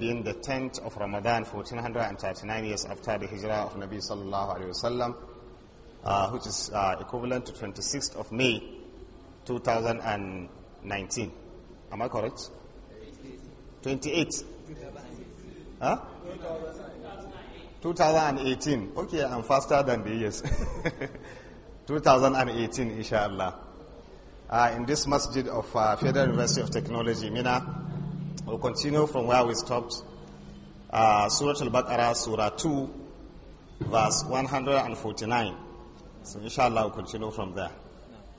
within the 10th of Ramadan, 1439 years after the hijrah of Nabi sallallahu alayhi wasallam, uh, which is uh, equivalent to 26th of May, 2019. Am I correct? 28. Huh? 2018. Okay, I'm faster than the years. 2018, inshallah. Uh, in this masjid of uh, Federal University of Technology, Mina, We'll continue from where we stopped. Uh, Surah Al-Baqarah, Surah 2, verse 149. So inshallah we'll continue from there.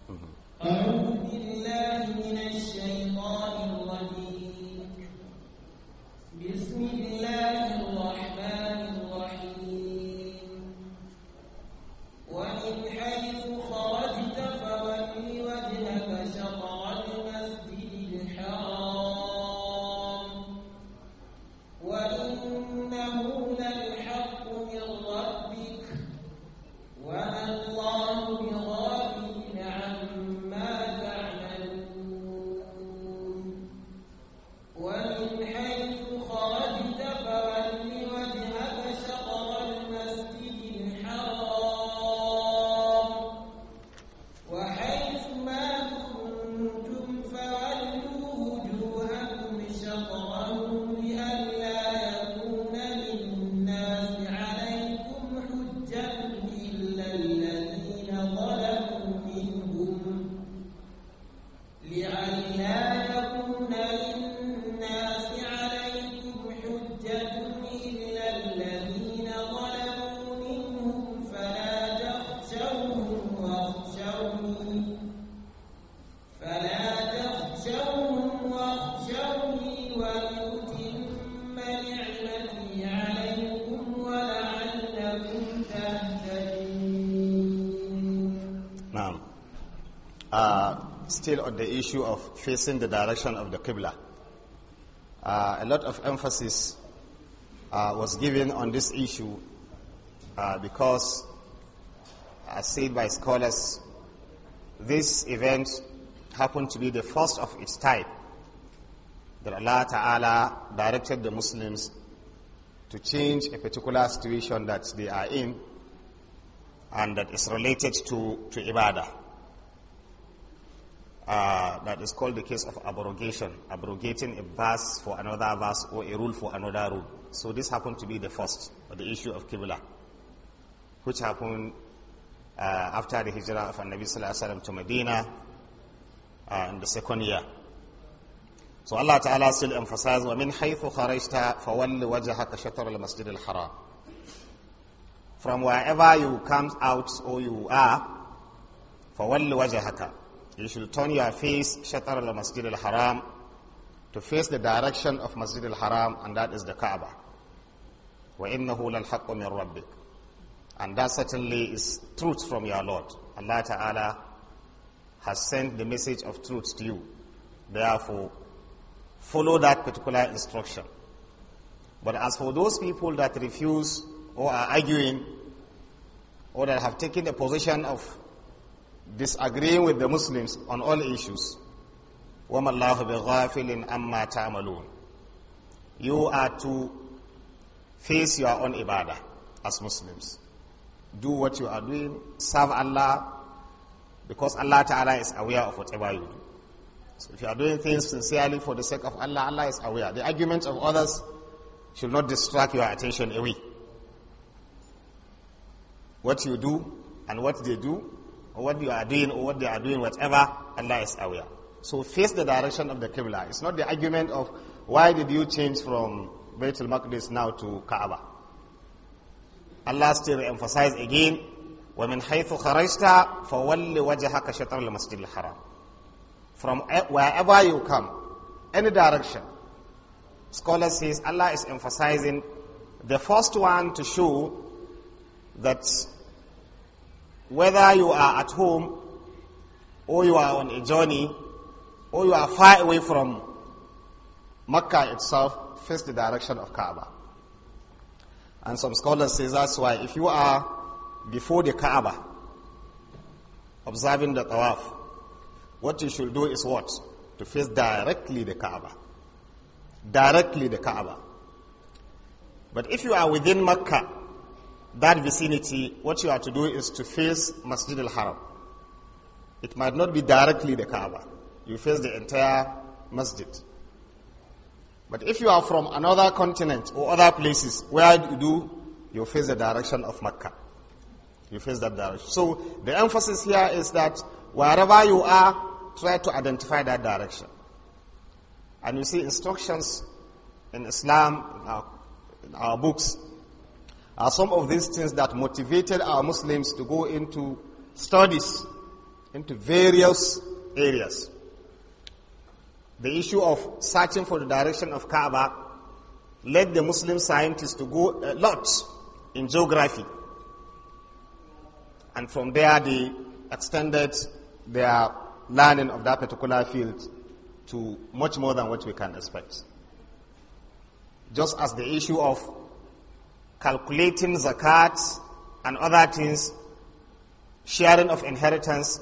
Mm -hmm. still on the issue of facing the direction of the Qibla. Uh, a lot of emphasis uh, was given on this issue uh, because, as uh, said by scholars, this event happened to be the first of its type that Allah Ta'ala directed the Muslims to change a particular situation that they are in and that is related to, to Ibadah uh, that is called the case of abrogation, abrogating a verse for another verse or a rule for another rule. So this happened to be the first, the issue of Qibla, which happened uh, after the hijrah of Nabi Sallallahu Alaihi Wasallam to Medina uh, in the second year. So Allah Ta'ala still emphasized, وَمِنْ حَيْثُ خَرَجْتَ فَوَلِّ وَجَهَكَ شَطَرَ الْمَسْجِدِ الْحَرَامِ From wherever you come out or you are, فَوَلِّ وَجَهَكَ you should turn your face shatar al masjid al haram to face the direction of masjid al haram and that is the kaaba And that certainly is truth from your Lord. Allah Ta'ala has sent the message of truth to you. Therefore, follow that particular instruction. But as for those people that refuse or are arguing or that have taken the position of disagreeing with the Muslims on all issues. You are to face your own ibadah as Muslims. Do what you are doing, serve Allah, because Allah Ta'ala is aware of whatever you do. So if you are doing things sincerely for the sake of Allah, Allah is aware. The arguments of others should not distract your attention away. What you do and what they do or what you are doing or what they are doing, whatever, Allah is aware. So face the direction of the Qibla. It's not the argument of why did you change from Baitul Maqdis now to Kaaba. Allah still emphasize again, وَمِنْ حَيْثُ خَرَجْتَ فَوَلِّ وَجَهَكَ شَطْرَ الْمَسْجِدِ الْحَرَامِ From wherever you come, any direction, scholars says Allah is emphasizing the first one to show that whether you are at home, or you are on a journey, or you are far away from Makkah itself, face the direction of Kaaba. And some scholars say that's why if you are before the Kaaba, observing the Tawaf, what you should do is what? To face directly the Kaaba. Directly the Kaaba. But if you are within Makkah, that vicinity, what you are to do is to face Masjid al Haram. It might not be directly the Kaaba. You face the entire Masjid. But if you are from another continent or other places, where you do, you face the direction of Mecca. You face that direction. So the emphasis here is that wherever you are, try to identify that direction. And you see instructions in Islam, in our, in our books, are some of these things that motivated our Muslims to go into studies into various areas. The issue of searching for the direction of Kaaba led the Muslim scientists to go a lot in geography. And from there, they extended their learning of that particular field to much more than what we can expect. Just as the issue of calculating zakat and other things, sharing of inheritance,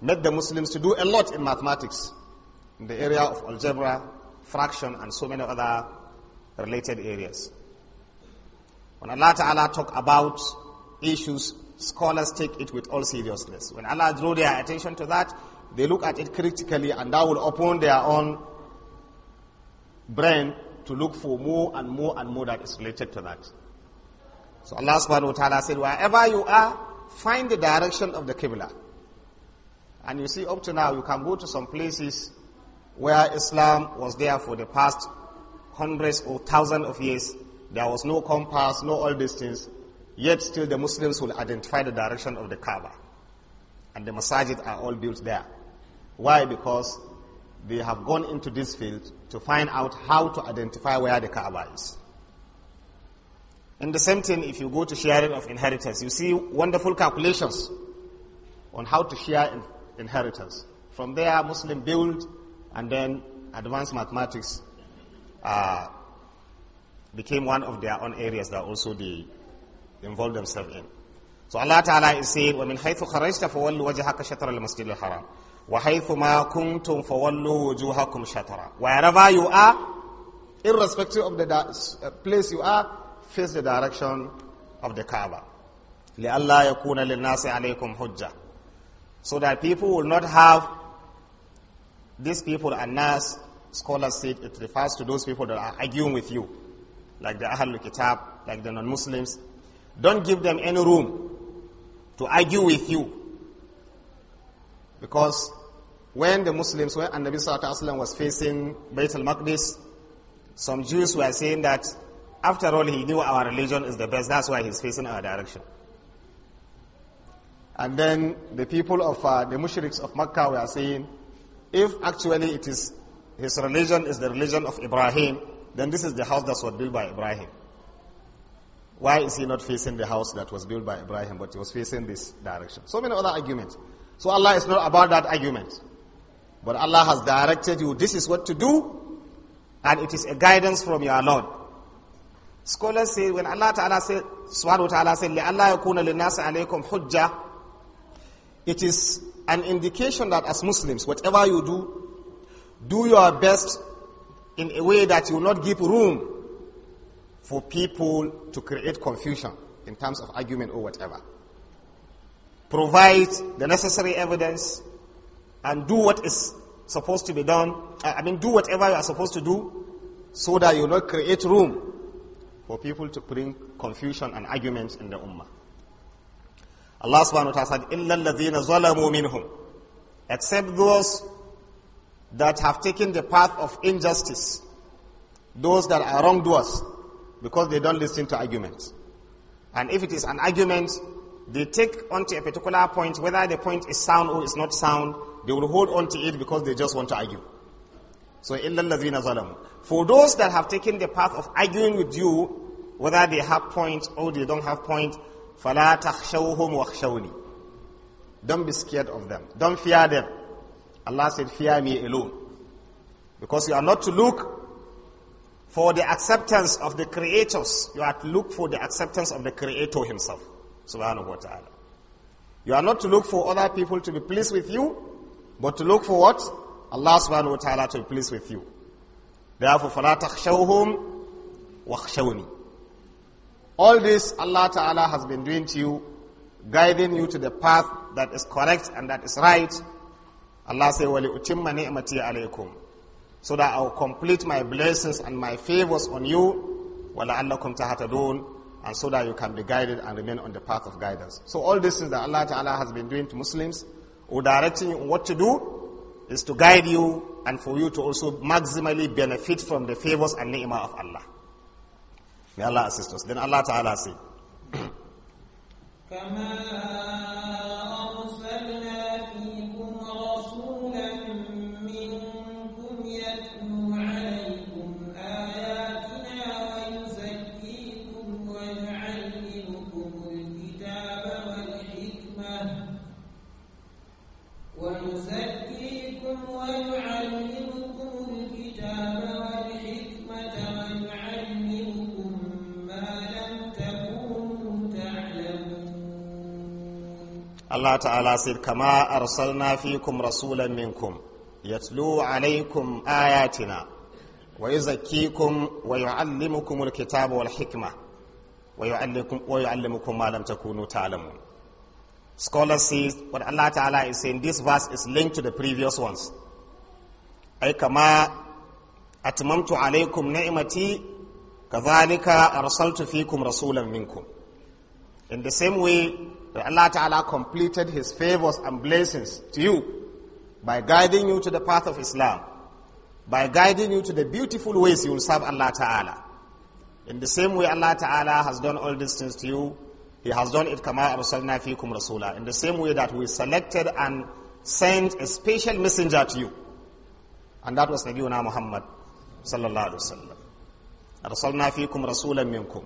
made the Muslims to do a lot in mathematics in the area of algebra, fraction, and so many other related areas. When Allah Ta'ala talk about issues, scholars take it with all seriousness. When Allah drew their attention to that, they look at it critically and that will open their own brain to look for more and more and more that is related to that. So Allah subhanahu wa ta'ala said, wherever you are, find the direction of the Qibla. And you see, up to now, you can go to some places where Islam was there for the past hundreds or thousands of years. There was no compass, no all these things. Yet still the Muslims will identify the direction of the Kaaba. And the masajid are all built there. Why? Because they have gone into this field to find out how to identify where the Kaaba is. And the same thing if you go to sharing of inheritance, you see wonderful calculations on how to share inheritance. From there, Muslim build and then advanced mathematics uh, became one of their own areas that also they involved themselves in. So Allah Ta'ala is saying, وَمِنْ حَيْثُ خَرَجْتَ فَوَلُّ وَجْهَكَ شَطْرَ الْمَسْجِدِ الْحَرَامِ وَحَيْثُ مَا كُنْتُمْ فَوَلُّوا وُجُوهَكُمْ شَطْرًا Wherever you are, irrespective of the uh, place you are, face the direction of the Kaaba. لِأَلَّا يَكُونَ لِلنَّاسِ عَلَيْكُمْ hujja, So that people will not have, these people and nas, scholars say it refers to those people that are arguing with you, like the Ahlul Kitab, like the non-Muslims. Don't give them any room to argue with you. Because when the Muslims were, and Nabi Sallallahu Alaihi Wasallam was facing Bayt al-Maqdis, some Jews were saying that after all, he knew our religion is the best. That's why he's facing our direction. And then the people of uh, the mushriks of Makkah were saying, if actually it is his religion is the religion of Ibrahim, then this is the house that was built by Ibrahim. Why is he not facing the house that was built by Ibrahim, but he was facing this direction? So many other arguments. So Allah is not about that argument. But Allah has directed you, this is what to do, and it is a guidance from your Lord. Scholars say when Allah Ta'ala said, Subhanahu Ta'ala said, لَأَلَّا يَكُونَ لِلنَّاسِ عَلَيْكُمْ حُجَّةً It is an indication that as Muslims, whatever you do, do your best in a way that you will not give room for people to create confusion in terms of argument or whatever. Provide the necessary evidence and do what is supposed to be done. Uh, I mean, do whatever you are supposed to do so that you will not create room for people to bring confusion and arguments in the ummah. Allah subhanahu wa ta'ala said, إِلَّا الَّذِينَ ظَلَمُوا مِنْهُمْ Except those that have taken the path of injustice, those that are wrongdoers, because they don't listen to arguments. And if it is an argument, they take onto a particular point, whether the point is sound or is not sound, they will hold onto it because they just want to argue. So, illallazina zalamu. For those that have taken the path of arguing with you, whether they have points or they don't have points, فَلَا تَخْشَوْهُمْ وَخْشَوْنِي Don't be scared of them. Don't fear them. Allah said, fear me alone. Because you are not to look for the acceptance of the creators. You are to look for the acceptance of the creator himself. Subhanahu wa ta'ala. You are not to look for other people to be pleased with you, but to look for what? Allah subhanahu wa ta'ala to be pleased with you. Therefore, فَلَا تَخْشَوْهُمْ وَخْشَوْنِي All this Allah ta'ala has been doing to you, guiding you to the path that is correct and that is right. Allah say, وَلِأُتِمَّ نِعْمَتِي عَلَيْكُمْ So that I will complete my blessings and my favors on you, وَلَعَلَّكُمْ alone, and so that you can be guided and remain on the path of guidance. So all these things that Allah Ta'ala has been doing to Muslims, or directing you on what to do, is to guide you and for you to also maximally benefit from the favors and ni'mah of Allah. May Allah assist us. Then Allah Ta'ala said, Allah ta'ala sai kama arsalna fikum rasulan minkum yatlu alaikum ayatina wa yuzakkikum wa yu'allimukumul kitaba wal hikma wa yu'allimukum ma lam takunu ta'lamun Scholars say what Allah Ta'ala is saying this verse is linked to the previous ones. أي كما أتممت عليكم نعمتي كذلك أرسلت فيكم رسولا منكم. In the same way Allah Ta'ala completed His favors and blessings to you by guiding you to the path of Islam, by guiding you to the beautiful ways you will serve Allah Ta'ala. In the same way Allah Ta'ala has done all these things to you, He has done it kama arsalna fikum rasula. In the same way that we selected and sent a special messenger to you. And that was Nabiuna Muhammad sallallahu alaihi wasallam. Arsalna fikum rasulan minkum.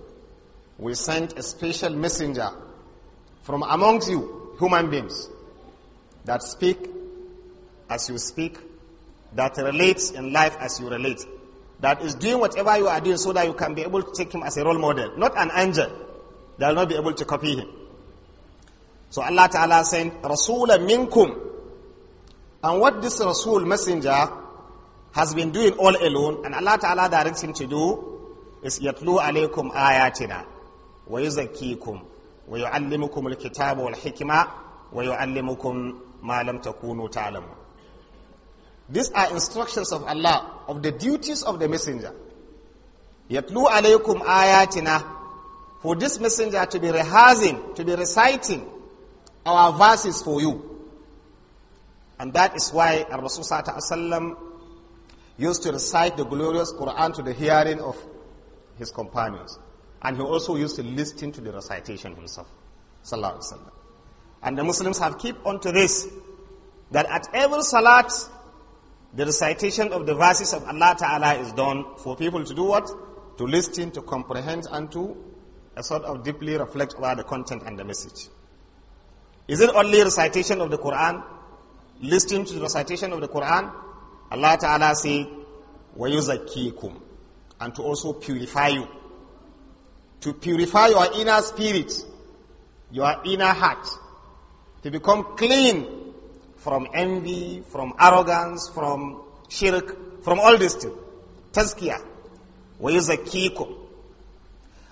We sent a special messenger from amongst you, human beings, that speak as you speak, that relates in life as you relate, that is doing whatever you are doing so that you can be able to take him as a role model, not an angel. They will not be able to copy him. So Allah Ta'ala sent Rasul minkum. And what this Rasul messenger has been doing all alone, and Allah Ta'ala directs him to do, is yatlu alaykum ayatina wa yuzakikum ويعلمكم الكتاب والحكمة ويعلمكم ما لم تكونوا تعلمون These are instructions of Allah of the duties of the messenger. Yatlu alaykum ayatina for this messenger to be rehearsing, to be reciting our verses for you. And that is why Rasul Sallallahu used to recite the glorious Quran to the hearing of his companions. And he also used to listen to the recitation himself. Sallallahu Alaihi Wasallam. And the Muslims have kept on to this, that at every salat, the recitation of the verses of Allah Ta'ala is done for people to do what? To listen, to comprehend, and to a sort of deeply reflect over the content and the message. Is it only recitation of the Quran? Listening to the recitation of the Quran? Allah Ta'ala says, وَيُزَكِّيكُمْ And to also purify you to purify your inner spirit, your inner heart, to become clean from envy, from arrogance, from shirk, from all these things. a kiko.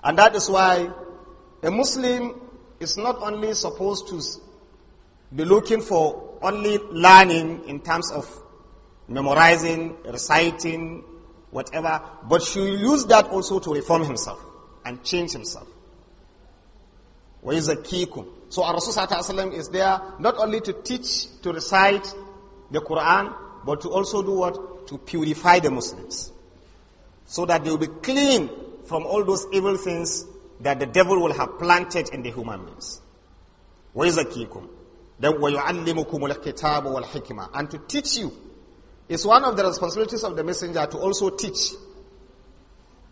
And that is why a Muslim is not only supposed to be looking for only learning in terms of memorizing, reciting, whatever, but should use that also to reform himself and change himself. وَيُزَكِّيكُمْ So our Rasul Sallallahu is there not only to teach, to recite the Quran, but to also do what? To purify the Muslims. So that they will be clean from all those evil things that the devil will have planted in the human beings. وَيُزَكِّيكُمْ Then وَيُعَلِّمُكُمُ الْكِتَابُ وَالْحِكْمَةِ And to teach you is one of the responsibilities of the messenger to also teach.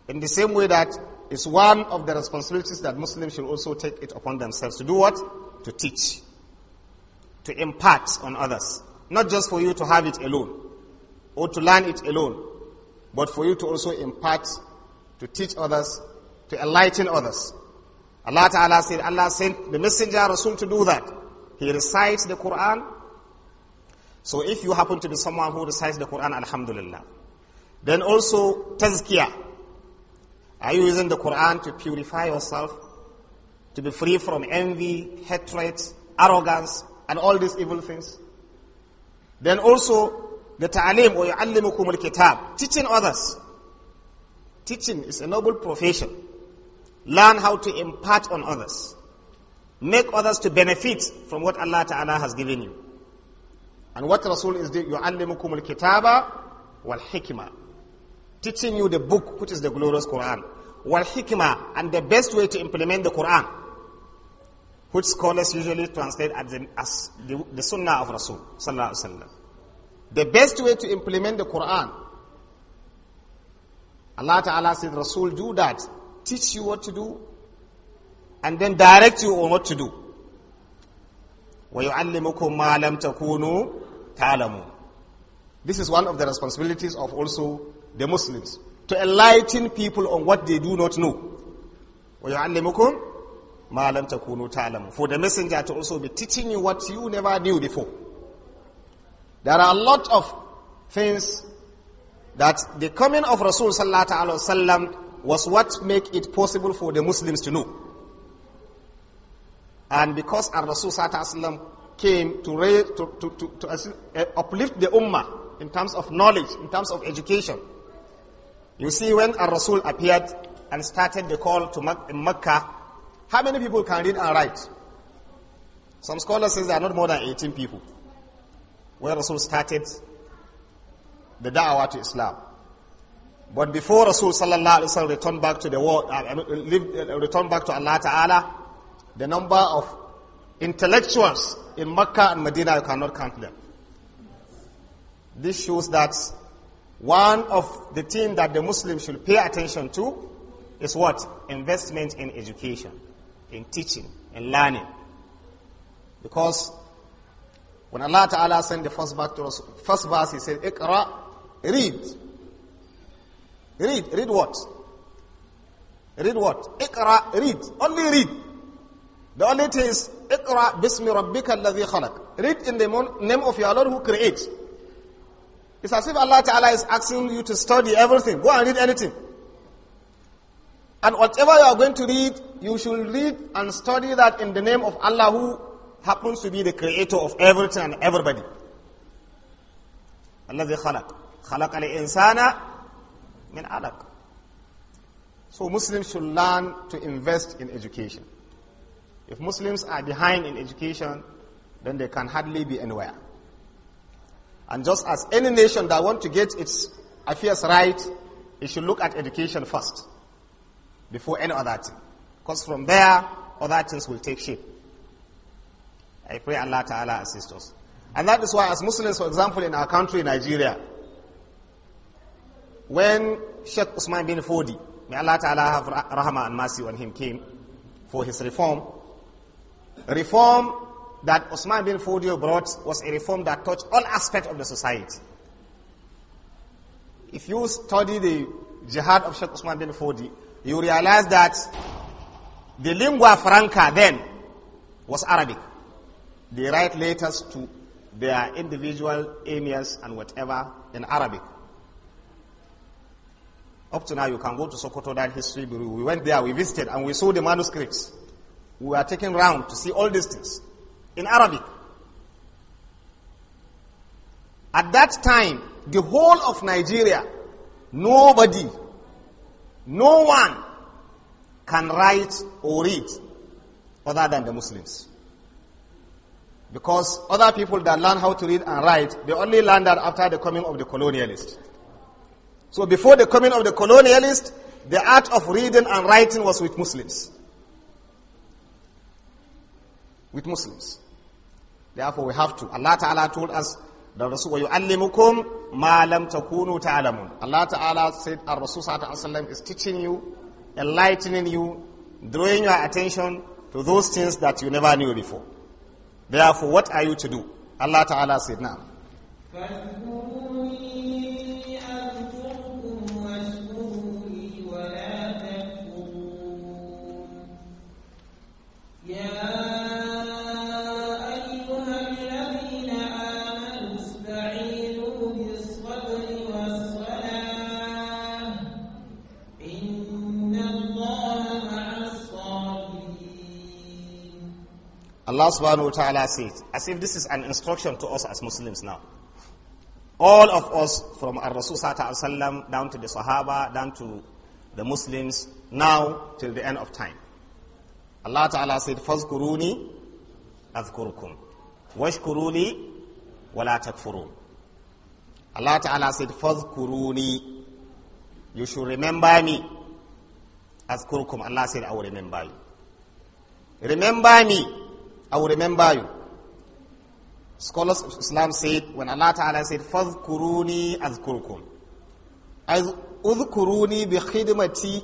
In the same way that is one of the responsibilities that Muslims should also take it upon themselves to do what? To teach, to impart on others. Not just for you to have it alone or to learn it alone, but for you to also impart, to teach others, to enlighten others. Allah Ta'ala said, Allah sent the messenger Rasul to do that. He recites the Quran. So if you happen to be someone who recites the Quran, Alhamdulillah. Then also tazkiyah are you using the Quran to purify yourself? To be free from envy, hatred, arrogance, and all these evil things? Then also, the Ta'alim or yu'allimukum al-kitab, teaching others. Teaching is a noble profession. Learn how to impart on others. Make others to benefit from what Allah Ta'ala has given you. And what Rasul is doing, yu'allimukum al-kitaba wal-hikmah teaching you the book, which is the glorious Quran, wal hikmah, and the best way to implement the Quran, which scholars usually translate as the, as the, the sunnah of Rasul sallallahu The best way to implement the Quran, Allah Ta'ala said, Rasul, do that. Teach you what to do, and then direct you on what to do. وَيُعَلِّمُكُمْ مَا لَمْ تَكُونُوا تَعْلَمُونَ This is one of the responsibilities of also the Muslims, to enlighten people on what they do not know. For the messenger to also be teaching you what you never knew before. There are a lot of things that the coming of Rasul sallallahu alaihi wasallam was what make it possible for the Muslims to know. And because our Rasul sallallahu alaihi wasallam came to, raise, to, to, to, to uplift the ummah in terms of knowledge, in terms of education, you see, when a Rasul appeared and started the call to Mecca, how many people can read and write? Some scholars say there are not more than 18 people. When Rasul started the da'wah to Islam. But before Rasul sallallahu alaihi wasallam returned back to the world, uh, uh, uh, returned back to Allah Ta'ala, the number of intellectuals in Mecca and Medina, you cannot count them. This shows that one of the things that the Muslims should pay attention to is what? Investment in education, in teaching, in learning. Because when Allah Ta'ala sent the first verse to us, first verse, He said, Iqra, read. Read, read what? Read what? Iqra, read. Only read. The only thing is, Iqra bismi rabbika alladhi khalaq. Read in the name of your Lord who creates. It's as if Allah Ta'ala is asking you to study everything. Go and read anything. And whatever you are going to read, you should read and study that in the name of Allah who happens to be the creator of everything and everybody. الذي خلق al-insana min علق So Muslims should learn to invest in education. If Muslims are behind in education, then they can hardly be anywhere. And just as any nation that wants to get its affairs right, it should look at education first before any other thing. Because from there, other things will take shape. I pray Allah Ta'ala assist us. And that is why as Muslims, for example, in our country, Nigeria, when Sheikh Usman bin Fodi, may Allah Ta'ala have rahmah and mercy on him, came for his reform, reform that Osman bin Fodio brought was a reform that touched all aspects of the society. If you study the jihad of Sheikh Osman bin Fodi, you realize that the lingua franca then was Arabic. They write letters to their individual emirs and whatever in Arabic. Up to now, you can go to Sokoto Dial History Bureau. We went there, we visited, and we saw the manuscripts. We were taken round to see all these things in Arabic. At that time, the whole of Nigeria, nobody, no one can write or read other than the Muslims. Because other people that learn how to read and write, they only learn that after the coming of the colonialists. So before the coming of the colonialists, the art of reading and writing was with Muslims. With Muslims. Therefore, we have to. Allah Ta'ala told us, the Rasul, وَيُعَلِّمُكُمْ مَا لَمْ تَكُونُوا تَعْلَمُونَ Allah Ta'ala said, our Rasul Sallallahu is teaching you, enlightening you, drawing your attention to those things that you never knew before. Therefore, what are you to do? Allah Ta'ala said, now. Allah subhanahu wa ta'ala says, as if this is an instruction to us as Muslims now. All of us from our Rasul sallam down to the Sahaba, down to the Muslims, now till the end of time. Allah ta'ala said, فَذْكُرُونِي أَذْكُرُكُمْ وَاشْكُرُونِي وَلَا تَكْفُرُونَ Allah ta'ala said, فَذْكُرُونِي You should remember me. أَذْكُرُكُمْ Allah said, I will remember you. Remember me I will remember you. Scholars of Islam said, when Allah Ta'ala said, فَذْكُرُونِي أَذْكُرُكُمْ As أذكروني بخدمتي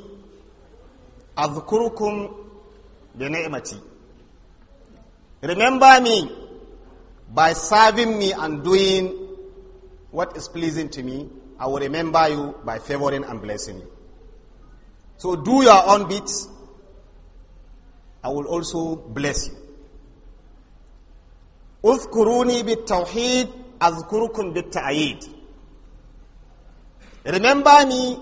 أذكركم بنعمتي Remember me by serving me and doing what is pleasing to me. I will remember you by favoring and blessing you. So do your own bits. I will also bless you. Uzkuruni bit tawheed, azkurukum bit ta'ayid. Remember me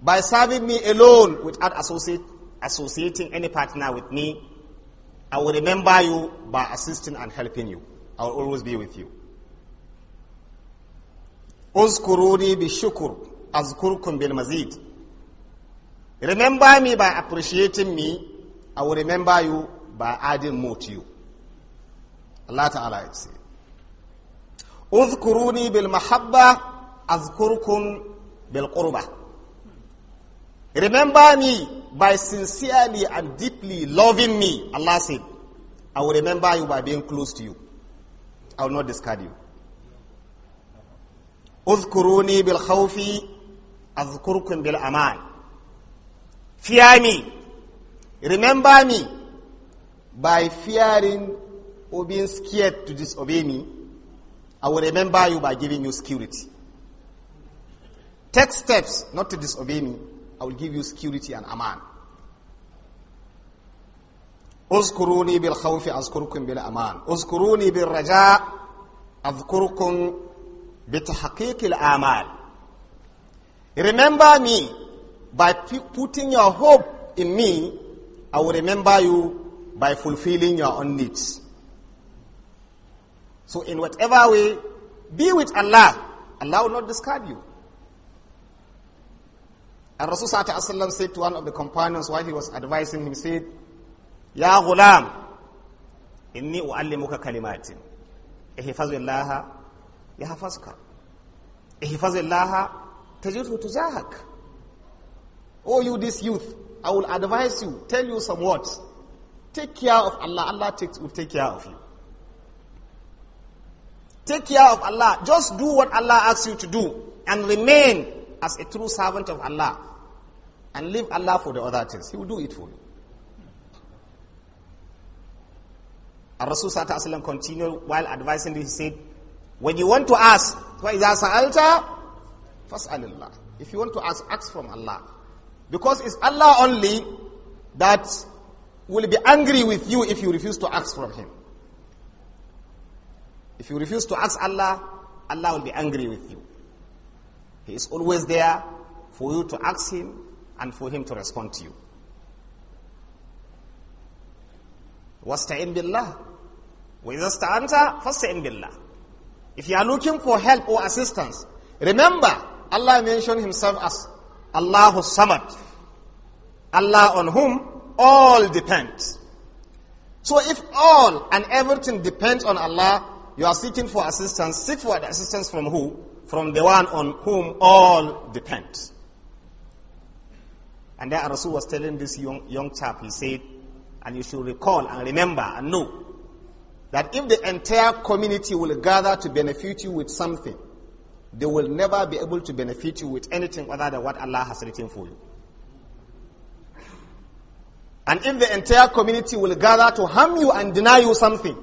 by serving me alone without associate, associating any partner with me. I will remember you by assisting and helping you. I will always be with you. Uzkuruni bi shukur, azkurkum bil mazid. Remember me by appreciating me. I will remember you by adding more to you. الله تعالى يقول اذكروني بالمحبة أذكركم بالقربة Remember me by sincerely and deeply loving me, Allah said. I will remember you by being close to you. I will not discard you. اذكروني بالخوف أذكركم بالأمان. Fear me. Remember me by fearing or being scared to disobey me, I will remember you by giving you security. Take steps not to disobey me, I will give you security and aman. اذكروني بالخوف أذكركم بالأمان اذكروني بالرجاء أذكركم بتحقيق aman. Remember me by putting your hope in me I will remember you by fulfilling your own needs so in whatever way, be with Allah. Allah will not discard you. And Rasul said to one of the companions while he was advising him, said, Ya ghulam, inni uallimuka kalimatin. Ihfazu Allah, yahfazuka. Ihfazu Allah, tajidhu tujahak. Oh you this youth, I will advise you, tell you some words. Take care of Allah, Allah takes, will take care of you. Take care of Allah. Just do what Allah asks you to do and remain as a true servant of Allah and leave Allah for the other things. He will do it for you. And Rasul Sallallahu continued while advising this, he said, When you want to ask, first Allah. If you want to ask, ask from Allah. Because it's Allah only that will be angry with you if you refuse to ask from Him. If you refuse to ask Allah, Allah will be angry with you. He is always there for you to ask Him and for Him to respond to you. وَاسْتَعِنْ بِاللَّهِ وَإِذَا اسْتَعَنْتَ فَاسْتَعِنْ بِاللَّهِ If you are looking for help or assistance, remember Allah mentioned Himself as Allahu Samad. Allah on whom all depends. So if all and everything depends on Allah, you are seeking for assistance. Seek for assistance from who? From the one on whom all depend. And then Rasul was telling this young, young chap, he said, and you should recall and remember and know that if the entire community will gather to benefit you with something, they will never be able to benefit you with anything other than what Allah has written for you. And if the entire community will gather to harm you and deny you something,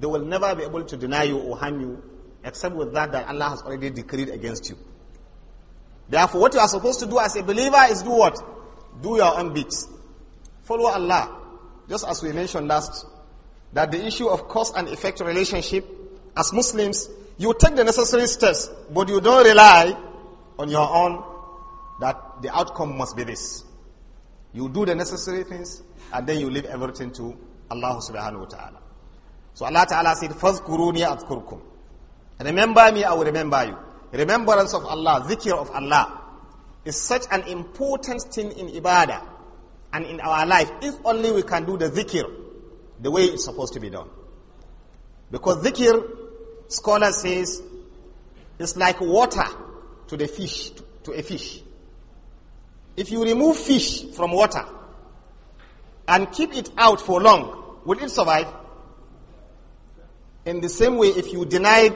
they will never be able to deny you or harm you, except with that that Allah has already decreed against you. Therefore, what you are supposed to do as a believer is do what? Do your own bits, Follow Allah. Just as we mentioned last, that the issue of cause and effect relationship, as Muslims, you take the necessary steps, but you don't rely on your own that the outcome must be this. You do the necessary things, and then you leave everything to Allah subhanahu wa ta'ala. So Allah Ta'ala said, Fazkuruni adkurkum. Remember me, I will remember you. Remembrance of Allah, zikr of Allah, is such an important thing in ibadah and in our life if only we can do the zikr the way it's supposed to be done. Because zikr, scholar says, is like water to the fish, to a fish. If you remove fish from water and keep it out for long, will it survive? In the same way, if you deny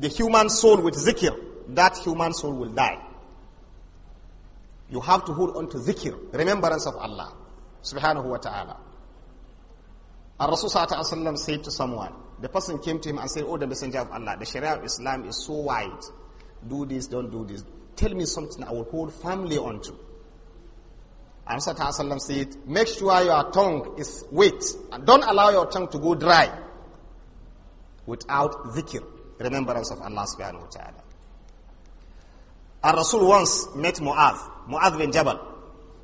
the human soul with zikr, that human soul will die. You have to hold on to zikr, remembrance of Allah subhanahu wa ta'ala. And Rasul sallallahu said to someone, the person came to him and said, Oh, the messenger of Allah, the Sharia of Islam is so wide. Do this, don't do this. Tell me something I will hold firmly onto. And Rasul said, Make sure your tongue is wet and don't allow your tongue to go dry without dhikr, remembrance of Allah subhanahu wa ta'ala. Our Rasul once met Mu'adh, Mu'adh bin Jabal,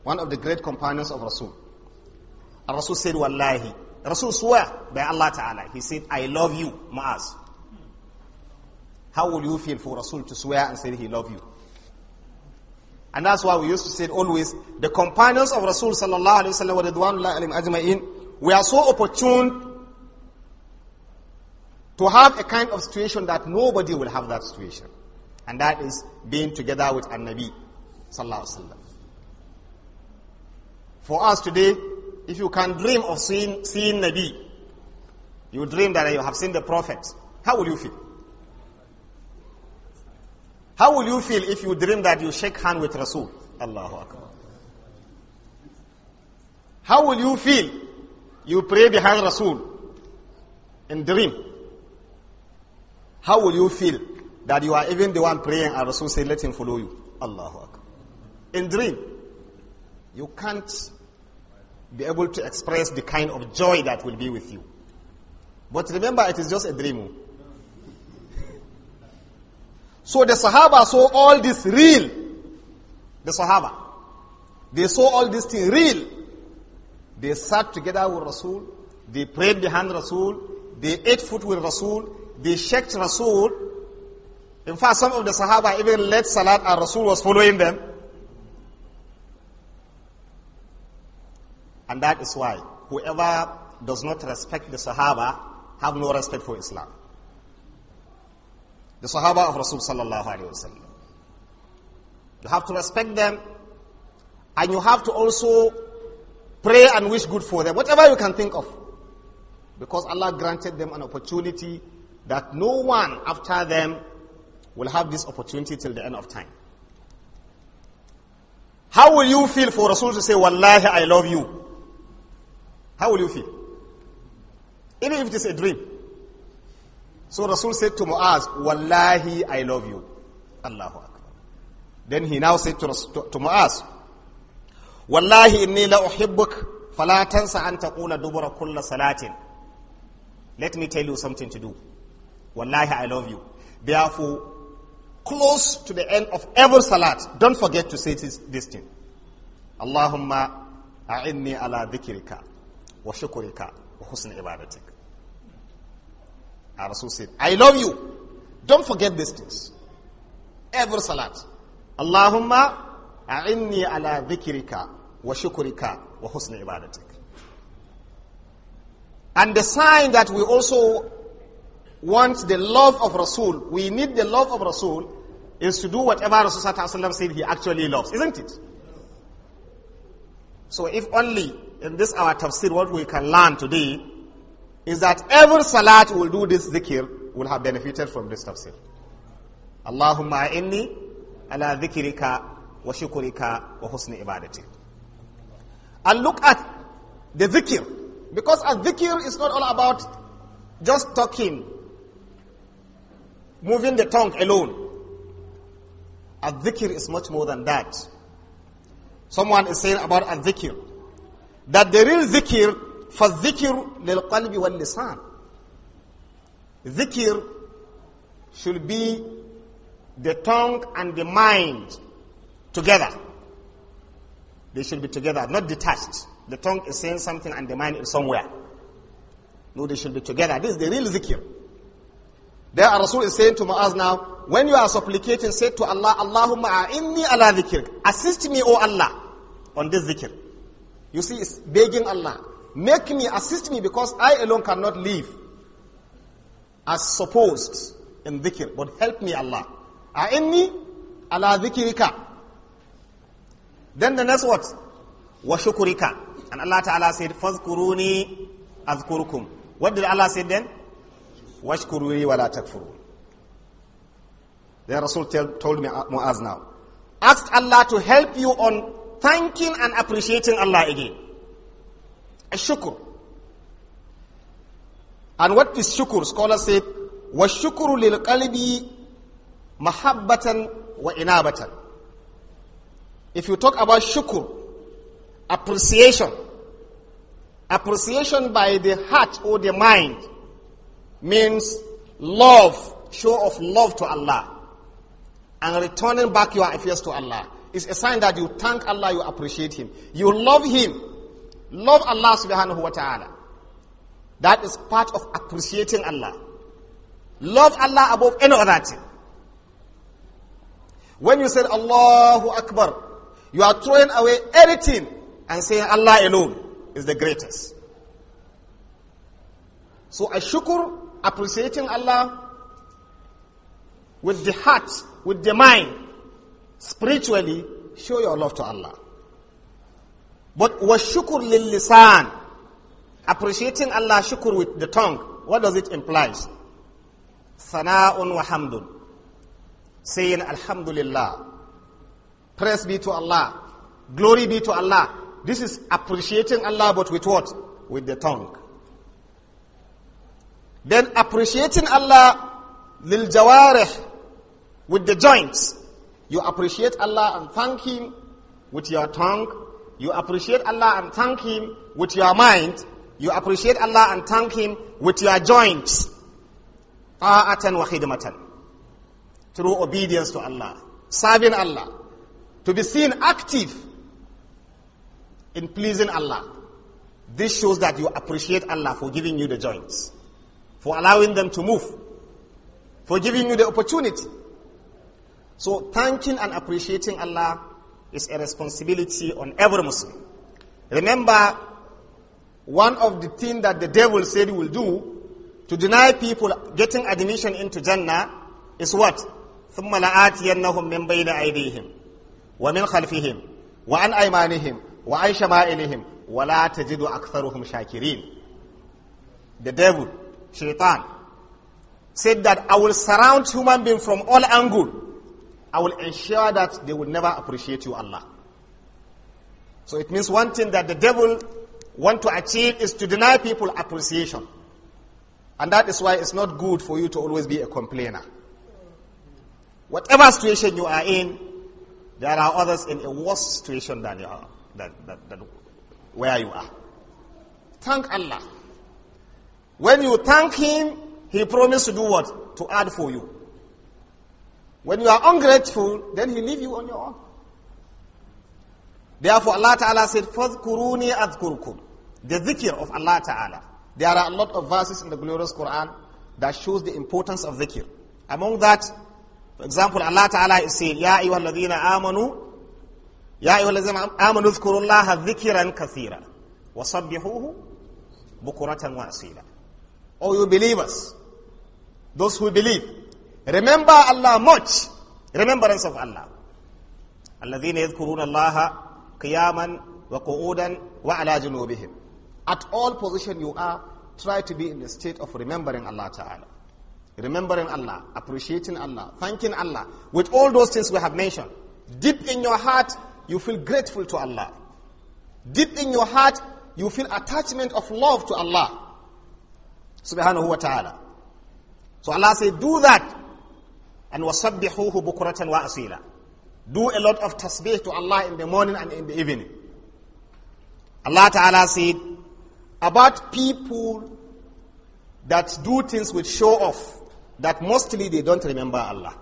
one of the great companions of Rasul. Our Rasul said, Wallahi, Rasul swore by Allah Ta'ala. He said, I love you, Mu'adh. How will you feel for Rasul to swear and say he love you? And that's why we used to say always, the companions of Rasul sallallahu alayhi wa sallam were so opportune to have a kind of situation that nobody will have that situation. And that is being together with an Nabi. For us today, if you can dream of seeing, seeing Nabi, you dream that you have seen the Prophet, how will you feel? How will you feel if you dream that you shake hand with Rasul? Allahu Akbar. How will you feel? You pray behind Rasul in dream. How will you feel that you are even the one praying and Rasul said, let him follow you? Allahu Akbar. In dream, you can't be able to express the kind of joy that will be with you. But remember, it is just a dream. so the Sahaba saw all this real. The Sahaba. They saw all this thing real. They sat together with Rasul. They prayed behind Rasul. They ate food with Rasul they checked Rasul. In fact, some of the Sahaba even led Salat and Rasul was following them. And that is why whoever does not respect the Sahaba have no respect for Islam. The Sahaba of Rasul sallallahu alayhi wasallam. You have to respect them and you have to also pray and wish good for them, whatever you can think of. Because Allah granted them an opportunity that no one after them will have this opportunity till the end of time. How will you feel for Rasul to say, Wallahi, I love you? How will you feel? Even if it is a dream. So Rasul said to Mu'az, Wallahi, I love you. Allahu Akbar. Then he now said to, to, to Mu'az, Wallahi inni la uhibbuk, falatansa tansa an taqula dubura kulla salatin. Let me tell you something to do. Wallahi, I love you. Therefore, close to the end of every salat, don't forget to say this, this thing. Allahumma a'inni ala dhikrika wa shukrika wa husni ibadatik. Our Rasul said, I love you. Don't forget these things. Every salat. Allahumma a'inni ala dhikrika wa shukrika wa husni ibadatik. And the sign that we also wants the love of Rasul, we need the love of Rasul, is to do whatever Rasul said he actually loves, isn't it? So if only in this our tafsir what we can learn today is that every salat will do this zikr will have benefited from this tafsir. Allahumma inni ala dhikrika wa shukrika wa husni ibadati. And look at the dhikr. Because a dhikr is not all about just talking moving the tongue alone. Adhikr is much more than that. Someone is saying about adhikr that the real dhikr, qalbi wal وَاللِّسَانِ Dhikr should be the tongue and the mind together. They should be together, not detached. The tongue is saying something and the mind is somewhere. No, they should be together. This is the real zikir. There our Rasul is saying to us now, when you are supplicating, say to Allah, Allahumma a'inni ala dhikr. Assist me, O Allah, on this dhikr. You see, it's begging Allah. Make me, assist me, because I alone cannot live as supposed in dhikr. But help me, Allah. A'inni ala dhikrika. Then the next what? Wa shukurika. And Allah Ta'ala said, kuruni azkurukum." What did Allah say then? Washkuru li wa la takfuru. The Rasul tell, told me, uh, Muaz now, ask Allah to help you on thanking and appreciating Allah again. Ashukr. And what is shukr? Scholars lil وَالشُّكْرُ mahabbatan wa وَإِنَابَةً If you talk about shukr, appreciation, appreciation by the heart or the mind, means love, show of love to Allah. And returning back your affairs to Allah is a sign that you thank Allah, you appreciate Him. You love Him. Love Allah subhanahu wa ta'ala. That is part of appreciating Allah. Love Allah above any other thing. When you say Allahu Akbar, you are throwing away everything and saying Allah alone is the greatest. So a shukr appreciating Allah with the heart, with the mind, spiritually, show your love to Allah. But washukur lil lisan, appreciating Allah shukur with the tongue, what does it imply? Sana'un wa hamdun, saying Alhamdulillah, praise be to Allah, glory be to Allah. This is appreciating Allah, but with what? With the tongue. Then appreciating Allah lil jawareh with the joints. You appreciate Allah and thank Him with your tongue. You appreciate Allah and thank Him with your mind. You appreciate Allah and thank Him with your joints. Ta'atan wa khidmatan. Through obedience to Allah. Serving Allah. To be seen active in pleasing Allah. This shows that you appreciate Allah for giving you the joints for allowing them to move, for giving you the opportunity. So thanking and appreciating Allah is a responsibility on every Muslim. Remember, one of the things that the devil said he will do to deny people getting admission into Jannah is what? ثم لآتينهم من بين أيديهم ومن خلفهم وعن أيمانهم وعن شمائلهم ولا تجد أكثرهم شاكرين The devil shaitan, said that I will surround human being from all angle. I will ensure that they will never appreciate you, Allah. So it means one thing that the devil want to achieve is to deny people appreciation. And that is why it's not good for you to always be a complainer. Whatever situation you are in, there are others in a worse situation than you are, That that that where you are. Thank Allah when you thank him, he promised to do what? To add for you. When you are ungrateful, then he leave you on your own. Therefore, Allah Ta'ala said, فَذْكُرُونِي أَذْكُرُكُمْ The dhikr of Allah Ta'ala. There are a lot of verses in the glorious Quran that shows the importance of dhikr. Among that, for example, Allah Ta'ala is saying, يَا أَيُّهَا الَّذِينَ آمَنُوا يَا أَيُّهَا الَّذِينَ آمَنُوا اذْكُرُوا اللَّهَ ذِكْرًا كَثِيرًا وَصَبِّحُوهُ بُكُرَةً وَأَصِيلًا O you believers, those who believe, remember Allah much. Remembrance of Allah. الذين يذكرون الله قياما وقعودا وعلى جنوبهم. At all position you are, try to be in the state of remembering Allah Ta'ala. Remembering Allah, appreciating Allah, thanking Allah. With all those things we have mentioned, deep in your heart, you feel grateful to Allah. Deep in your heart, you feel attachment of love to Allah subhanahu wa ta'ala. So Allah said, do that. And bukuratan wa asila." Do a lot of tasbih to Allah in the morning and in the evening. Allah Ta'ala said, about people that do things with show off, that mostly they don't remember Allah.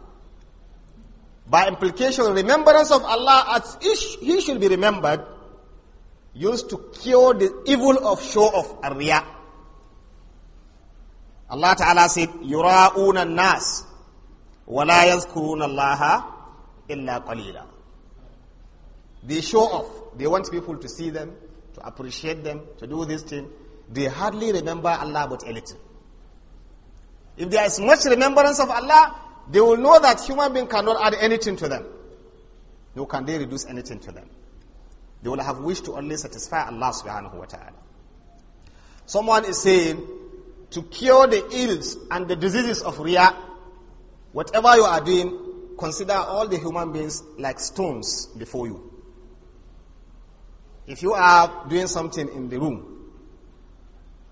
By implication, remembrance of Allah as He should be remembered used to cure the evil of show off, and riyah. Allah Ta'ala said, They show off. They want people to see them, to appreciate them, to do this thing. They hardly remember Allah but a little. If there is much remembrance of Allah, they will know that human being cannot add anything to them. Nor can they reduce anything to them. They will have wished to only satisfy Allah subhanahu wa ta'ala. Someone is saying, to cure the ills and the diseases of Riyah. Whatever you are doing, consider all the human beings like stones before you. If you are doing something in the room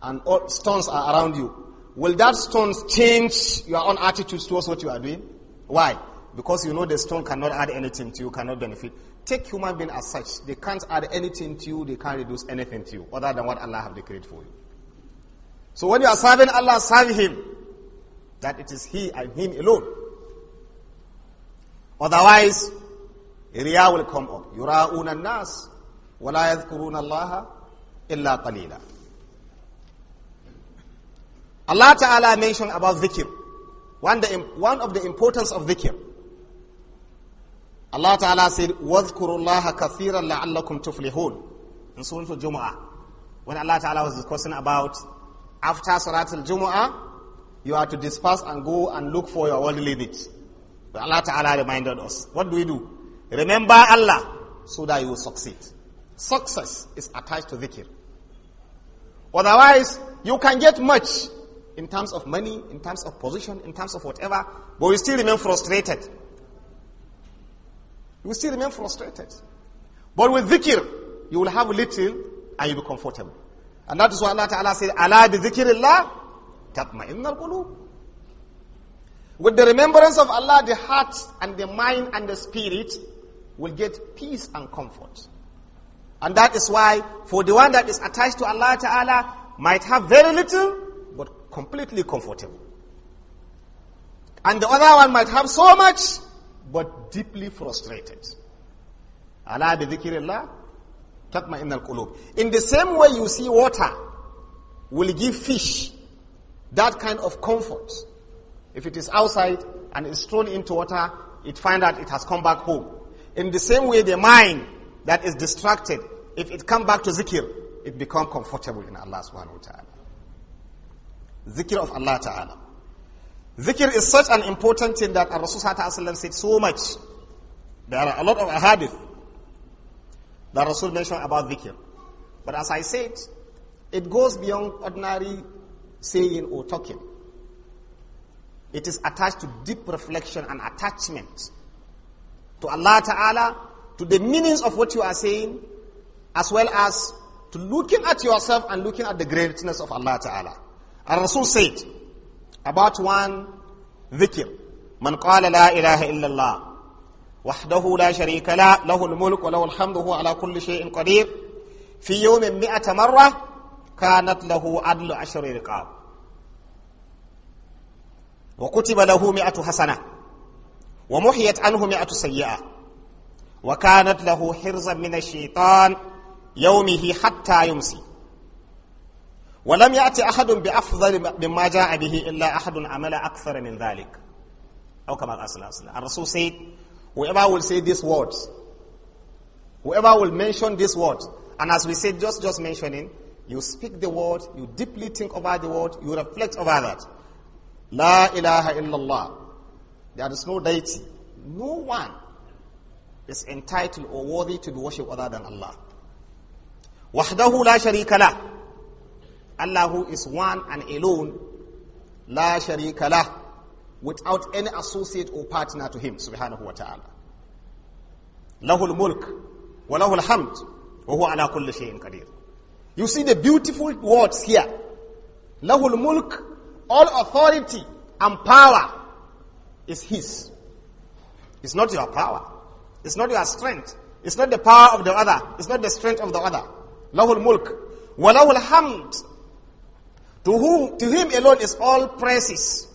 and all stones are around you, will that stones change your own attitudes towards what you are doing? Why? Because you know the stone cannot add anything to you, cannot benefit. Take human being as such. They can't add anything to you, they can't reduce anything to you other than what Allah have decreed for you. So when you are serving Allah, serve Him. That it is He and Him alone. Otherwise, Riya will come up. Yura'una nas wa la yadhkuruna Allah illa qalila. Allah Ta'ala mentioned about dhikr. One, the, one of the importance of dhikr. Allah Ta'ala said, وَاذْكُرُوا اللَّهَ كَثِيرًا لَعَلَّكُمْ تُفْلِحُونَ In Surah for jumuah When Allah Ta'ala was discussing about after Salatul Jumu'ah, you are to disperse and go and look for your worldly needs. But Allah Ta'ala reminded us. What do we do? Remember Allah so that you will succeed. Success is attached to dhikr. Otherwise, you can get much in terms of money, in terms of position, in terms of whatever, but you still remain frustrated. You still remain frustrated. But with dhikr, you will have little and you'll be comfortable. And that is why Allah Ta'ala said, Allah bi dhikrillah tatma'innal qulub. With the remembrance of Allah, the heart and the mind and the spirit will get peace and comfort. And that is why for the one that is attached to Allah Ta'ala might have very little but completely comfortable. And the other one might have so much but deeply frustrated. Allah bi dhikrillah in the same way you see water will give fish that kind of comfort. If it is outside and is thrown into water, it finds out it has come back home. In the same way, the mind that is distracted, if it come back to zikr, it become comfortable in Allah subhanahu wa ta'ala. Zikr of Allah ta'ala. Zikr is such an important thing that Rasul said so much. There are a lot of ahadith that Rasul mentioned about dhikr. But as I said, it goes beyond ordinary saying or talking. It is attached to deep reflection and attachment to Allah Ta'ala, to the meanings of what you are saying, as well as to looking at yourself and looking at the greatness of Allah Ta'ala. And Rasul said about one dhikr, man qala la ilaha illallah, وحده لا شريك له له الملك وله الحمد وهو على كل شيء قدير في يوم مئة مرة كانت له عدل عشر رقاب وكتب له مئة حسنة ومحيت عنه مئة سيئة وكانت له حرزا من الشيطان يومه حتى يمسي ولم يأتي أحد بأفضل مما جاء به إلا أحد عمل أكثر من ذلك أو كما قال الرسول سيد Whoever will say these words, whoever will mention these words, and as we said, just just mentioning, you speak the word, you deeply think over the word, you reflect over that. La ilaha illallah. There is no deity. No one is entitled or worthy to be worshipped other than Allah. Wahdahu la sharika la. Allah who is one and alone. La sharika la without any associate or partner to him, subhanahu wa ta'ala. wa الملك وله hamd, wa على كل شيء kadir. You see the beautiful words here. له mulk, all authority and power is his. It's not your power. It's not your strength. It's not the power of the other. It's not the strength of the other. Lahul mulk. Walahul hamd. To whom, to him alone is all praises.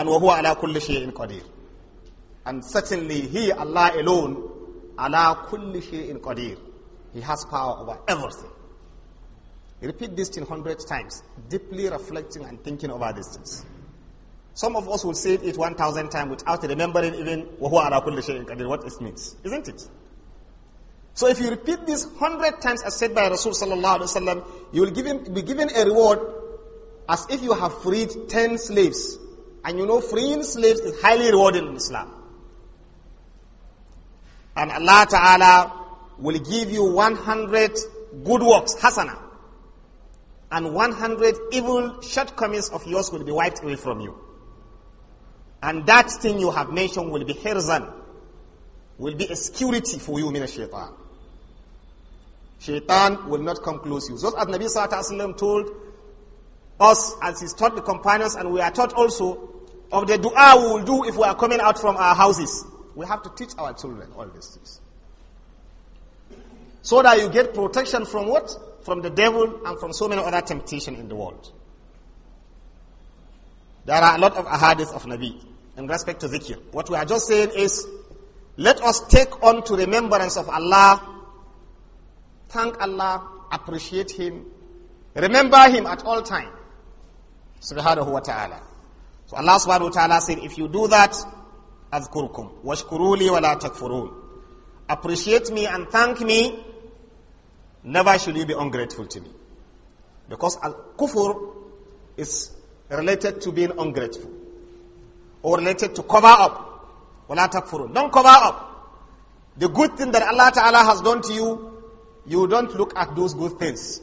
And وَهُوَ عَلَىٰ كُلِّ شَيْءٍ And certainly He, Allah alone, ala kulli shay'in قَدِيرٍ He has power over everything. Repeat this thing hundred times, deeply reflecting and thinking over these things. Some of us will say it 1,000 times without remembering even وَهُوَ عَلَىٰ كُلِّ شَيْءٍ قَدِيرٍ what it means, isn't it? So if you repeat this hundred times as said by Rasul sallallahu alaihi wasallam, you will give him, be given a reward as if you have freed ten slaves and you know, freeing slaves is highly rewarded in Islam. And Allah Ta'ala will give you 100 good works, hasana. And 100 evil shortcomings of yours will be wiped away from you. And that thing you have mentioned will be hirzan, will be a security for you, mina shaitan. Shaitan will not come close to you. Just as Nabi Sallallahu Alaihi Wasallam told us as he's taught the companions and we are taught also of the dua we will do if we are coming out from our houses. We have to teach our children all these things. So that you get protection from what? From the devil and from so many other temptation in the world. There are a lot of ahadith of Nabi in respect to zikr. What we are just saying is, let us take on to remembrance of Allah, thank Allah, appreciate Him, remember Him at all times subhanahu wa ta'ala. So Allah subhanahu wa ta'ala said, if you do that, أذكركم واشكروا ولا تكفرون Appreciate me and thank me. Never should you be ungrateful to me. Because al kufur is related to being ungrateful. Or related to cover up. ولا تكفرون Don't cover up. The good thing that Allah Ta'ala has done to you, you don't look at those good things.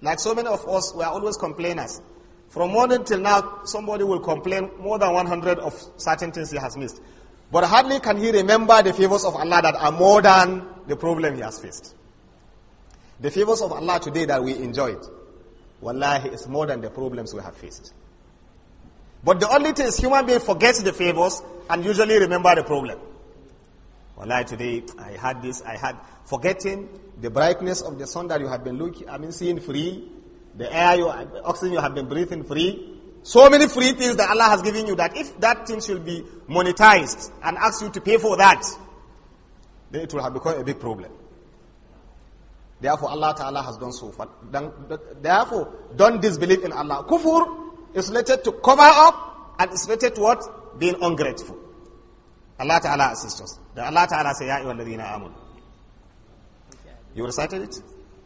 Like so many of us, we are always complainers. From morning till now, somebody will complain more than 100 of certain things he has missed. But hardly can he remember the favors of Allah that are more than the problem he has faced. The favors of Allah today that we enjoyed, wallahi, is more than the problems we have faced. But the only thing is human being forgets the favors and usually remember the problem. Wallahi, today I had this, I had forgetting the brightness of the sun that you have been looking, I mean, seeing free, the air, you, oxygen you have been breathing free. So many free things that Allah has given you that if that thing should be monetized and ask you to pay for that, then it will have become a big problem. Therefore, Allah Ta'ala has done so. far. Therefore, don't disbelieve in Allah. Kufur is related to cover up and is related to what? Being ungrateful. Allah Ta'ala assists us. Allah Ta'ala says, Ya You recited it?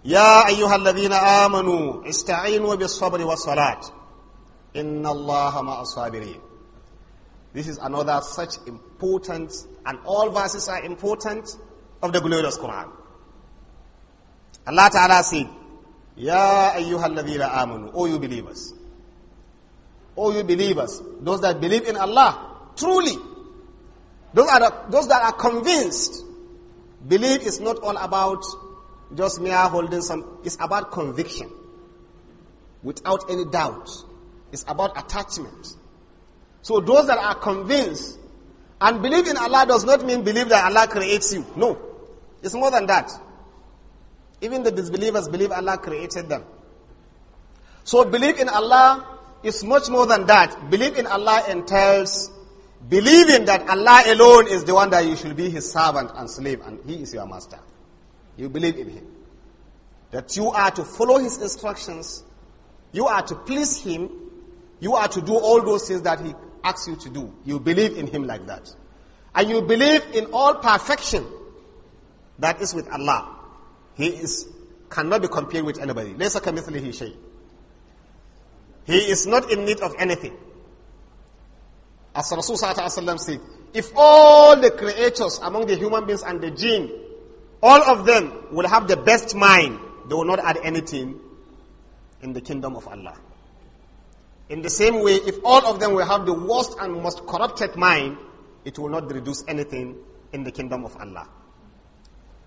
يا أيها الذين آمنوا استعينوا بالصبر والصلاة إن الله مع الصابرين This is another such important and all verses are important of the glorious Quran. Allah Ta'ala said, يا أيها الذين آمنوا, O you believers. O you believers, those that believe in Allah, truly. Those, are, those that are convinced, believe is not all about just mere holding some. It's about conviction without any doubt. It's about attachment. So those that are convinced and believe in Allah does not mean believe that Allah creates you. No. It's more than that. Even the disbelievers believe Allah created them. So believe in Allah is much more than that. Believe in Allah entails believing that Allah alone is the one that you should be his servant and slave and he is your master you believe in him. That you are to follow his instructions, you are to please him, you are to do all those things that he asks you to do. You believe in him like that. And you believe in all perfection that is with Allah. He is cannot be compared with anybody. Laysa kamithlihi shay. He is not in need of anything. As Rasul said, if all the creatures among the human beings and the jinn all of them will have the best mind. They will not add anything in the kingdom of Allah. In the same way, if all of them will have the worst and most corrupted mind, it will not reduce anything in the kingdom of Allah.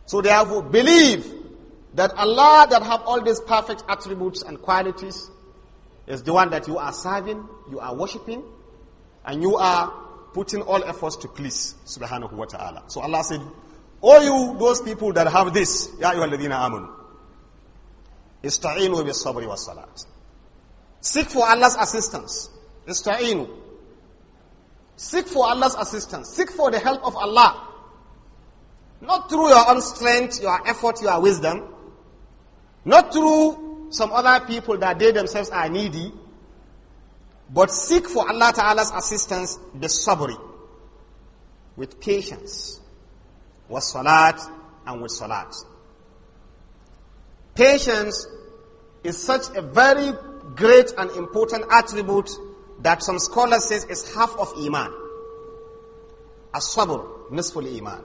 So therefore, believe that Allah that have all these perfect attributes and qualities is the one that you are serving, you are worshipping, and you are putting all efforts to please subhanahu wa ta'ala. So Allah said, all you, those people that have this, Ya ayyuhalladhina amanu. Ista'inu bis sabri was salat. Seek for Allah's assistance. Ista'inu. Seek for Allah's assistance. Seek for the help of Allah. Not through your own strength, your effort, your wisdom. Not through some other people that they themselves are needy. But seek for Allah Ta'ala's assistance, the sabri. With patience was salat and with salat. Patience is such a very great and important attribute that some scholars say is half of iman. As-sabr, nisful iman.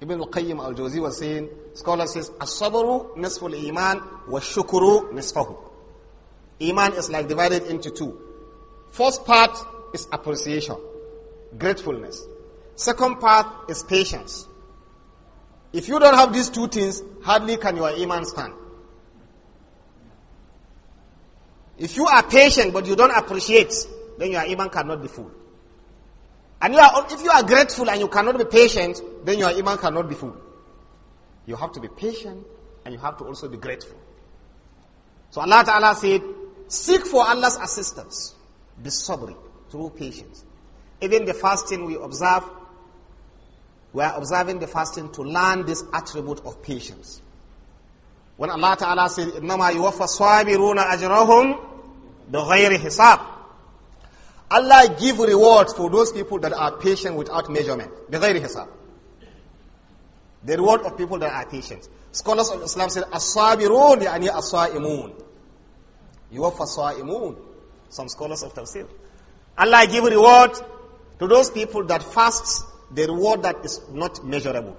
Ibn al-Qayyim al-Jawzi was saying, scholars says, As-sabru nisful iman wa shukuru nisfahu. Iman is like divided into two. First part is appreciation, gratefulness. Second path is patience. If you don't have these two things, hardly can your iman stand. If you are patient but you don't appreciate, then your iman cannot be full. And you are, if you are grateful and you cannot be patient, then your iman cannot be full. You have to be patient and you have to also be grateful. So Allah Ta'ala said, seek for Allah's assistance. Be sober, through patience. Even the fasting we observe we are observing the fasting to learn this attribute of patience. When Allah Ta'ala says, إِنَّمَا يُوَفَّ الصَّابِرُونَ أَجْرَهُمْ بِغَيْرِ حِسَابٍ Allah give rewards for those people that are patient without measurement. بِغَيْرِ حِسَابٍ The reward of people that are patient. Scholars of Islam said, الصَّابِرُونَ يعني الصَّائِمُونَ يُوَفَّ الصَّائِمُونَ Some scholars of Tafsir. Allah give reward to those people that fasts the reward that is not measurable.